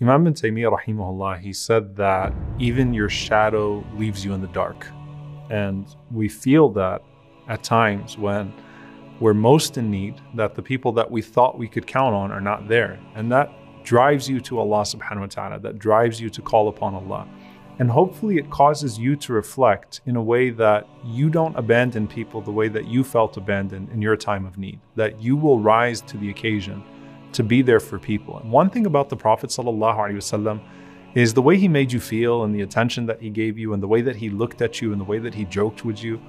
Imam bin Taymiyyah rahimahullah, he said that even your shadow leaves you in the dark. And we feel that at times when we're most in need, that the people that we thought we could count on are not there. And that drives you to Allah subhanahu wa ta'ala, that drives you to call upon Allah. And hopefully it causes you to reflect in a way that you don't abandon people the way that you felt abandoned in your time of need, that you will rise to the occasion to be there for people. And one thing about the Prophet wasallam is the way he made you feel and the attention that he gave you and the way that he looked at you and the way that he joked with you.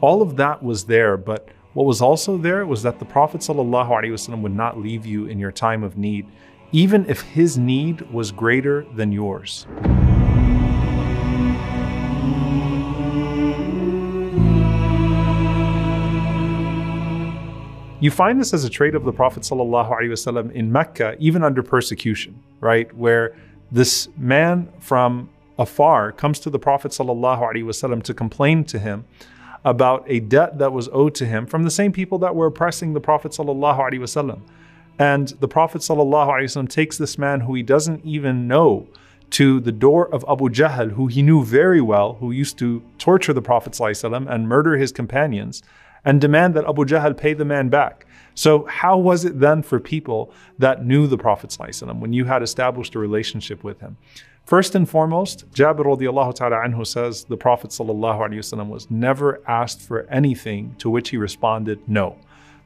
All of that was there, but what was also there was that the Prophet ﷺ would not leave you in your time of need, even if his need was greater than yours. You find this as a trait of the Prophet ﷺ in Mecca, even under persecution, right? Where this man from afar comes to the Prophet ﷺ to complain to him about a debt that was owed to him from the same people that were oppressing the Prophet ﷺ. And the Prophet ﷺ takes this man who he doesn't even know to the door of Abu Jahl, who he knew very well, who used to torture the Prophet ﷺ and murder his companions, and demand that Abu Jahl pay the man back. So, how was it then for people that knew the Prophet when you had established a relationship with him? First and foremost, Jabir radiallahu ta'ala anhu says the Prophet was never asked for anything to which he responded no.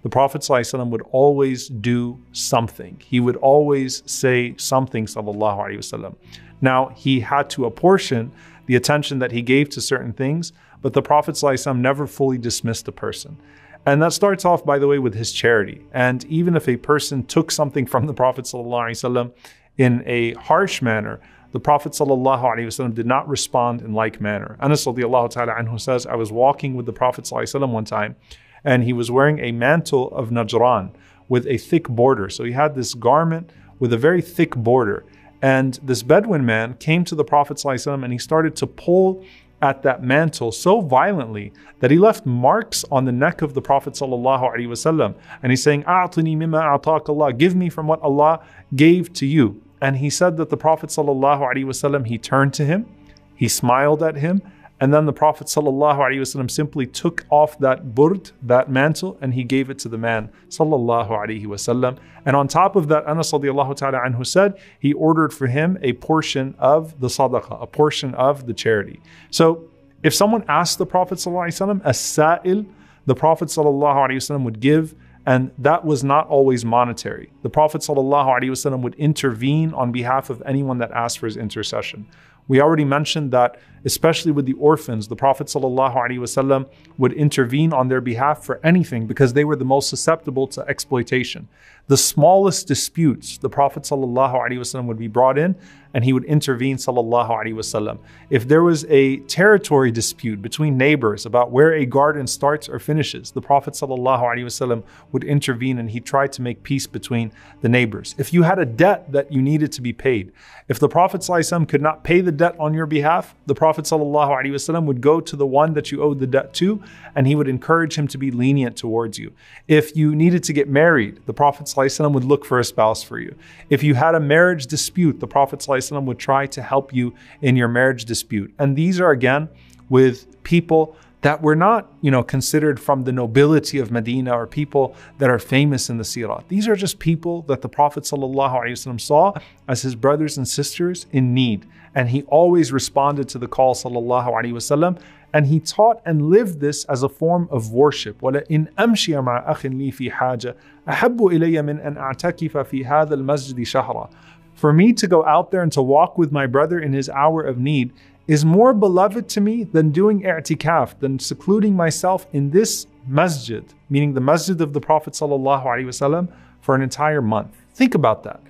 The Prophet would always do something. He would always say something, sallallahu alayhi wasallam. Now, he had to apportion the attention that he gave to certain things, but the Prophet ﷺ never fully dismissed a person. And that starts off, by the way, with his charity. And even if a person took something from the Prophet ﷺ in a harsh manner, the Prophet ﷺ did not respond in like manner. Anas anhu says, I was walking with the Prophet ﷺ one time, and he was wearing a mantle of Najran with a thick border. So he had this garment with a very thick border. And this Bedouin man came to the Prophet ﷺ and he started to pull at that mantle so violently that he left marks on the neck of the Prophet ﷺ. And he's saying, A'tini mimma Allah, give me from what Allah gave to you. And he said that the Prophet ﷺ, he turned to him, he smiled at him, and then the Prophet ﷺ simply took off that burd, that mantle, and he gave it to the man. ﷺ. And on top of that, Anas anhu said, he ordered for him a portion of the sadaqah, a portion of the charity. So if someone asked the Prophet ﷺ a as sa'il, the Prophet ﷺ would give and that was not always monetary. The Prophet ﷺ would intervene on behalf of anyone that asked for his intercession. We already mentioned that, especially with the orphans, the Prophet ﷺ would intervene on their behalf for anything because they were the most susceptible to exploitation. The smallest disputes, the Prophet ﷺ would be brought in and he would intervene. ﷺ. If there was a territory dispute between neighbors about where a garden starts or finishes, the Prophet ﷺ would intervene and he tried to make peace between the neighbors. If you had a debt that you needed to be paid, if the Prophet ﷺ could not pay the debt on your behalf, the Prophet ﷺ would go to the one that you owed the debt to and he would encourage him to be lenient towards you. If you needed to get married, the Prophet ﷺ would look for a spouse for you. If you had a marriage dispute, the Prophet ﷺ would try to help you in your marriage dispute. And these are again with people that were not, you know, considered from the nobility of Medina or people that are famous in the Sirah. These are just people that the Prophet ﷺ saw as his brothers and sisters in need and he always responded to the call sallallahu alaihi wasallam and he taught and lived this as a form of worship ولئن أمشي مع أخ لي في حاجة أحب إلي من أن أعتكف في هذا masjid shahra. for me to go out there and to walk with my brother in his hour of need is more beloved to me than doing i'tikaf, than secluding myself in this masjid, meaning the masjid of the Prophet sallallahu alaihi wasallam, for an entire month. Think about that.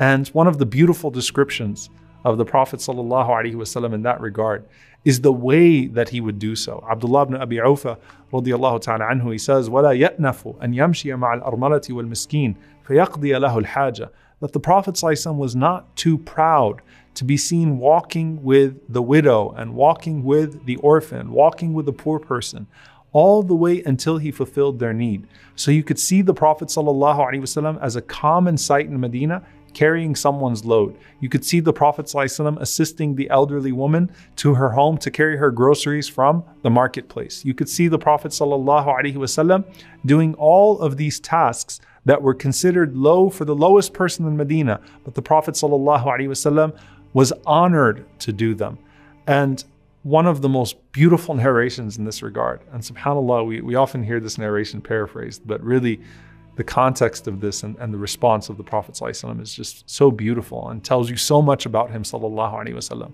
And one of the beautiful descriptions of the Prophet وسلم, in that regard is the way that he would do so. Abdullah ibn Abi Ufa radiallahu ta'ala anhu, he says, وَلَا يَأْنَفُ أَنْ يَمْشِيَ مَعَ الْأَرْمَلَةِ وَالْمِسْكِينِ فَيَقْضِيَ لَهُ الْحَاجَةِ That the Prophet was not too proud to be seen walking with the widow and walking with the orphan, walking with the poor person, all the way until he fulfilled their need. So you could see the Prophet ﷺ as a common sight in Medina carrying someone's load. You could see the Prophet ﷺ assisting the elderly woman to her home to carry her groceries from the marketplace. You could see the Prophet ﷺ doing all of these tasks that were considered low for the lowest person in Medina, but the Prophet ﷺ was honored to do them. And one of the most beautiful narrations in this regard, and subhanAllah, we, we often hear this narration paraphrased, but really, the context of this and, and the response of the Prophet ﷺ is just so beautiful and tells you so much about him sallallahu alaihi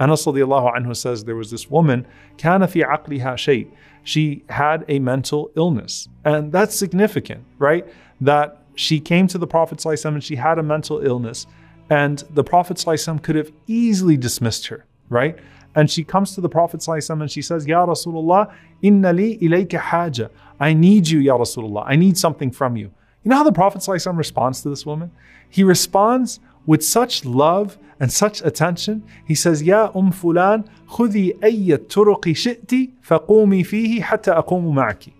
Anas anhu says there was this woman, kana akli aqliha She had a mental illness. And that's significant, right? That she came to the Prophet ﷺ and she had a mental illness and the Prophet ﷺ could have easily dismissed her, right? And she comes to the Prophet ﷺ and she says, Ya Rasulullah, inna li ilayka haja. I need you, Ya Rasulullah. I need something from you. You know how the Prophet ﷺ responds to this woman? He responds with such love and such attention. He says, Ya Um Fulan, khudi ayya turuqi shi'ti faqumi fihi hatta aqumu ma'aki.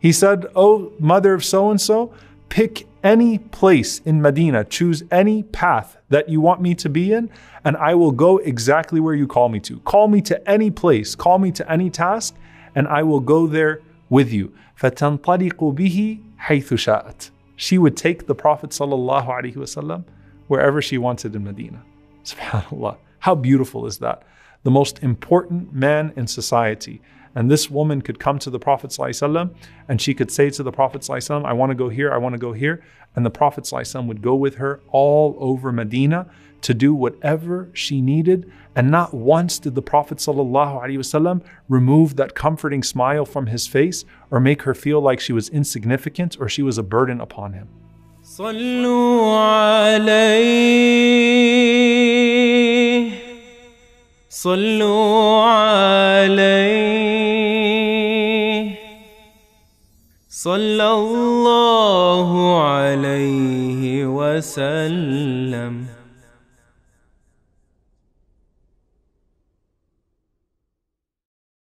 He said, Oh, mother of so and so, pick any place in Medina, choose any path that you want me to be in, and I will go exactly where you call me to. Call me to any place, call me to any task, and I will go there with you. فَتَنْطَلِقُ بِهِ She would take the Prophet ﷺ wherever she wanted in Medina. SubhanAllah. How beautiful is that? The most important man in society and this woman could come to the Prophet ﷺ and she could say to the Prophet "I want to go here, I want to go here. And the Prophet ﷺ would go with her all over Medina to do whatever she needed. And not once did the Prophet ﷺ remove that comforting smile from his face or make her feel like she was insignificant or she was a burden upon him. صلوا عليه صلوا عليه صلى الله عليه وسلم